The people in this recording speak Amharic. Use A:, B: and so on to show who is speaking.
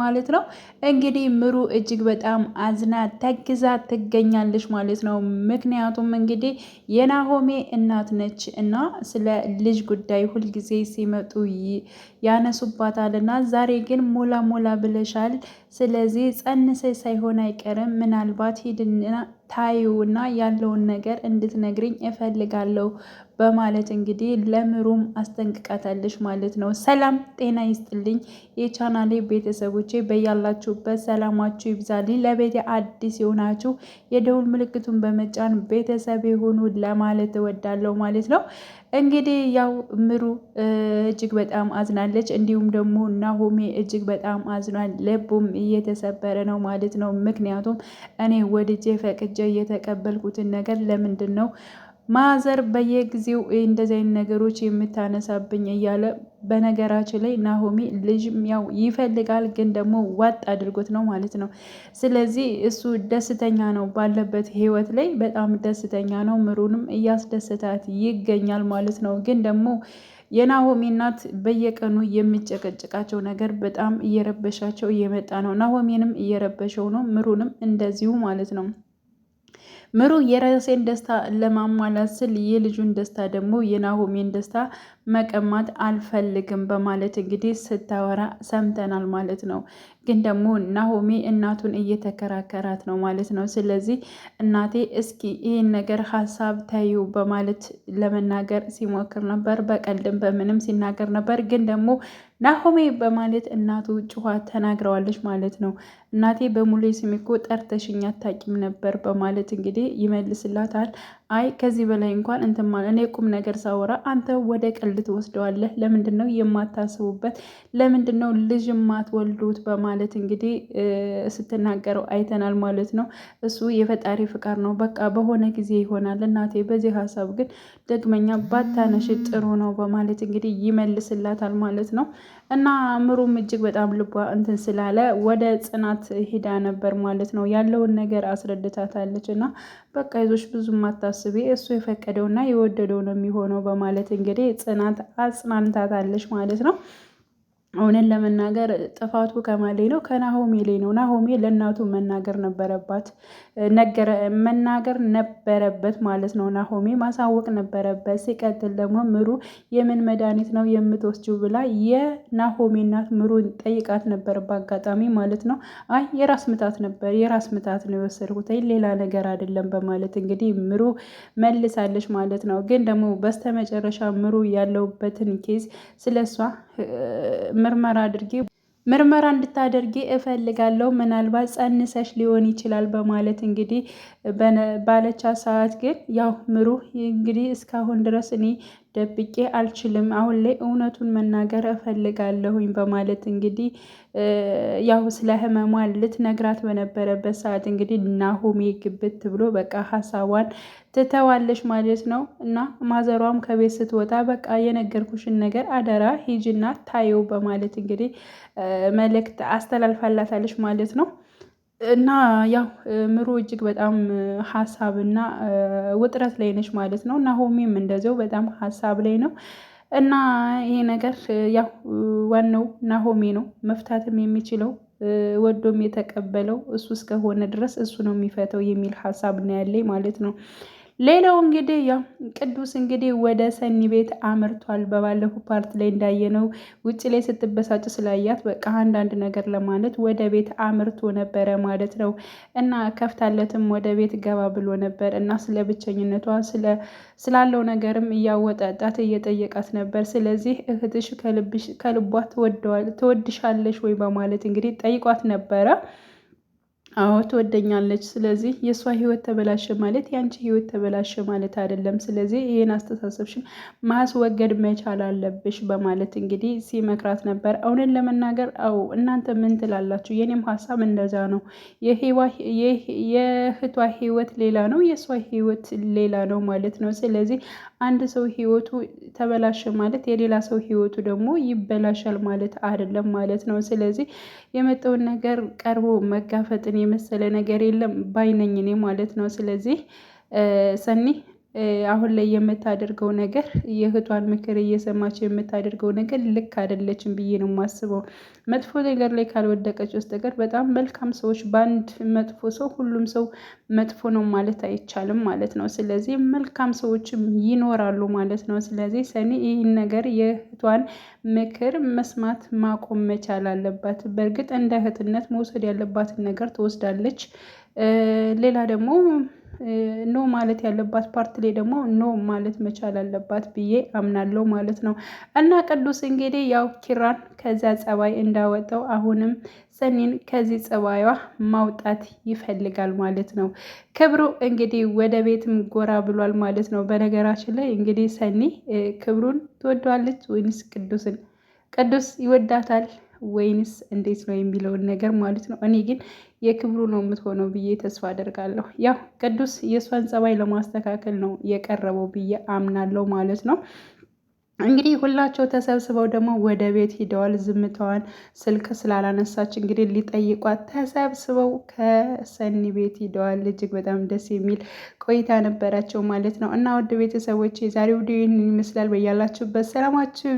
A: ማለት ነው እንግዲህ ምሩ እጅግ በጣም አዝና ተግዛ ትገኛለች ማለት ነው። ምክንያቱም እንግዲህ የናሆሜ እናት ነች እና ስለ ልጅ ጉዳይ ሁልጊዜ ሲመጡ ያነሱባታል እና ዛሬ ግን ሞላ ሞላ ብለሻል፣ ስለዚህ ጸንሰ ሳይሆን አይቀርም ምናልባት ሂድና ታዩና ያለውን ነገር እንድትነግርኝ እፈልጋለሁ በማለት እንግዲህ ለምሩም አስጠንቅቃታለች ማለት ነው። ሰላም ጤና ይስጥልኝ የቻናሌ ቤተሰቦቼ በያላችሁበት ሰላማችሁ ይብዛልኝ። ለቤቴ አዲስ የሆናችሁ የደውል ምልክቱን በመጫን ቤተሰብ የሆኑ ለማለት እወዳለሁ ማለት ነው። እንግዲህ ያው ምሩ እጅግ በጣም አዝናለች። እንዲሁም ደግሞ ናሆሜ እጅግ በጣም አዝኗል። ልቡም እየተሰበረ ነው ማለት ነው። ምክንያቱም እኔ ወድጄ ፈቅጄ የተቀበልኩትን ነገር ለምንድን ነው ማዘር በየጊዜው እንደዚህ አይነት ነገሮች የምታነሳብኝ እያለ በነገራችን ላይ ናሆሚ ልጅም ያው ይፈልጋል ግን ደግሞ ዋጥ አድርጎት ነው ማለት ነው። ስለዚህ እሱ ደስተኛ ነው ባለበት ህይወት ላይ በጣም ደስተኛ ነው። ምሩንም እያስደሰታት ይገኛል ማለት ነው። ግን ደግሞ የናሆሚ እናት በየቀኑ የሚጨቀጭቃቸው ነገር በጣም እየረበሻቸው እየመጣ ነው። ናሆሚንም እየረበሸው ነው፣ ምሩንም እንደዚሁ ማለት ነው። ምሩ የራሴን ደስታ ለማሟላት ስል የልጁን ደስታ ደግሞ የናሆሜን ደስታ መቀማት አልፈልግም በማለት እንግዲህ ስታወራ ሰምተናል ማለት ነው። ግን ደግሞ ናሆሜ እናቱን እየተከራከራት ነው ማለት ነው። ስለዚህ እናቴ እስኪ ይህን ነገር ሀሳብ ተዩ በማለት ለመናገር ሲሞክር ነበር። በቀልድም በምንም ሲናገር ነበር ግን ደግሞ ናሆሜ በማለት እናቱ ጩኋ ተናግረዋለች ማለት ነው። እናቴ በሙሉ ስሜ እኮ ጠርተሽኝ አታውቂም ነበር በማለት እንግዲህ ይመልስላታል። አይ ከዚህ በላይ እንኳን እንትማ እኔ ቁም ነገር ሳወራ አንተ ወደ ቀልድ ትወስደዋለህ። ለምንድን ነው የማታስቡበት? ለምንድን ነው ልጅ የማትወልዱት? በማለት እንግዲህ ስትናገረው አይተናል ማለት ነው። እሱ የፈጣሪ ፍቃድ ነው፣ በቃ በሆነ ጊዜ ይሆናል። እናቴ በዚህ ሀሳብ ግን ደግመኛ ባታነሽ ጥሩ ነው በማለት እንግዲህ ይመልስላታል ማለት ነው። እና ምሩም እጅግ በጣም ልቧ እንትን ስላለ ወደ ጽናት ሄዳ ነበር ማለት ነው። ያለውን ነገር አስረድታታለች እና በቃ ይዞች ብዙም አታስቤ እሱ የፈቀደውና የወደደው ነው የሚሆነው በማለት እንግዲህ ጽናት አጽናንታታለች ማለት ነው። እውነት ለመናገር ጥፋቱ ከማሌ ነው ከናሆሜ ላይ ነው። ናሆሜ ለእናቱ መናገር ነበረባት ነገረ መናገር ነበረበት ማለት ነው። ናሆሜ ማሳወቅ ነበረበት። ሲቀጥል ደግሞ ምሩ የምን መድኃኒት ነው የምትወስጂው ብላ የናሆሜ እናት ምሩን ጠይቃት ነበር፣ በአጋጣሚ ማለት ነው። አይ የራስ ምታት ነበር የራስ ምታት ነው የወሰድኩት ሌላ ነገር አይደለም በማለት እንግዲህ ምሩ መልሳለች ማለት ነው። ግን ደግሞ በስተመጨረሻ ምሩ ያለውበትን ኬዝ ስለሷ ምርመራ አድርጌ ምርመራ እንድታደርጊ እፈልጋለሁ። ምናልባት ጸንሰሽ ሊሆን ይችላል በማለት እንግዲህ ባለቻ ሰዓት ግን ያው ምሩ እንግዲህ እስካሁን ድረስ እኔ ደብቄ አልችልም አሁን ላይ እውነቱን መናገር እፈልጋለሁኝ በማለት እንግዲህ ያው ስለ ህመሟ ልትነግራት በነበረበት ሰዓት እንግዲህ ናሆሜ ግብት ብሎ በቃ ሀሳቧን ትተዋለች ማለት ነው። እና ማዘሯም ከቤት ስትወጣ በቃ የነገርኩሽን ነገር አደራ ሂጂና ታየው በማለት እንግዲህ መልእክት አስተላልፋላታለች ማለት ነው። እና ያው ምሩ እጅግ በጣም ሀሳብና ውጥረት ላይ ነች ማለት ነው። ናሆሜም እንደዚያው በጣም ሀሳብ ላይ ነው። እና ይሄ ነገር ያው ዋናው ናሆሜ ነው መፍታትም የሚችለው ወዶም የተቀበለው እሱ እስከሆነ ድረስ እሱ ነው የሚፈተው የሚል ሀሳብ ነው ማለት ነው። ሌላው እንግዲህ ያው ቅዱስ እንግዲህ ወደ ሰኒ ቤት አምርቷል። በባለፈው ፓርት ላይ እንዳየነው ውጭ ላይ ስትበሳጭ ስላያት በቃ አንዳንድ ነገር ለማለት ወደ ቤት አምርቶ ነበረ ማለት ነው እና ከፍታለትም ወደ ቤት ገባ ብሎ ነበር እና ስለ ብቸኝነቷ ስላለው ነገርም እያወጣጣት እየጠየቃት ነበር። ስለዚህ እህትሽ ከልቧ ትወድሻለሽ ወይ በማለት እንግዲህ ጠይቋት ነበረ። አዎ ትወደኛለች። ስለዚህ የእሷ ህይወት ተበላሸ ማለት የአንቺ ህይወት ተበላሸ ማለት አይደለም። ስለዚህ ይህን አስተሳሰብሽን ማስወገድ መቻል አለብሽ በማለት እንግዲህ ሲመክራት ነበር። እውነት ለመናገር አዎ እናንተ ምን ትላላችሁ? የኔም ሀሳብ እንደዛ ነው። የእህቷ ህይወት ሌላ ነው፣ የእሷ ህይወት ሌላ ነው ማለት ነው። ስለዚህ አንድ ሰው ህይወቱ ተበላሸ ማለት የሌላ ሰው ህይወቱ ደግሞ ይበላሻል ማለት አይደለም ማለት ነው። ስለዚህ የመጣውን ነገር ቀርቦ መጋፈጥን የመሰለ ነገር የለም ባይነኝ እኔ ማለት ነው። ስለዚህ ሰኒ አሁን ላይ የምታደርገው ነገር የእህቷን ምክር እየሰማች የምታደርገው ነገር ልክ አይደለችም ብዬ ነው የማስበው። መጥፎ ነገር ላይ ካልወደቀች በስተቀር በጣም መልካም ሰዎች በአንድ መጥፎ ሰው ሁሉም ሰው መጥፎ ነው ማለት አይቻልም ማለት ነው። ስለዚህ መልካም ሰዎችም ይኖራሉ ማለት ነው። ስለዚህ ሰኒ ይህን ነገር የእህቷን ምክር መስማት ማቆም መቻል አለባት። በእርግጥ እንደ እህትነት መውሰድ ያለባትን ነገር ትወስዳለች። ሌላ ደግሞ ኖ ማለት ያለባት ፓርት ላይ ደግሞ ኖ ማለት መቻል አለባት ብዬ አምናለሁ ማለት ነው። እና ቅዱስ እንግዲህ ያው ኪራን ከዚያ ጸባይ እንዳወጣው አሁንም ሰኒን ከዚህ ጸባይዋ ማውጣት ይፈልጋል ማለት ነው። ክብሩ እንግዲህ ወደ ቤትም ጎራ ብሏል ማለት ነው። በነገራችን ላይ እንግዲህ ሰኒ ክብሩን ትወደዋለች ወይንስ ቅዱስን? ቅዱስ ይወዳታል ወይንስ እንዴት ነው የሚለውን ነገር ማለት ነው። እኔ ግን የክብሩ ነው የምትሆነው ብዬ ተስፋ አደርጋለሁ። ያው ቅዱስ የእሷን ጸባይ ለማስተካከል ነው የቀረበው ብዬ አምናለሁ ማለት ነው። እንግዲህ ሁላቸው ተሰብስበው ደግሞ ወደ ቤት ሂደዋል። ዝምታዋን ስልክ ስላላነሳች እንግዲህ ሊጠይቋት ተሰብስበው ከሰኒ ቤት ሂደዋል። እጅግ በጣም ደስ የሚል ቆይታ ነበራቸው ማለት ነው። እና ውድ ቤተሰቦች የዛሬው ቪዲዮ ይህንን ይመስላል። በያላችሁበት ሰላማችሁ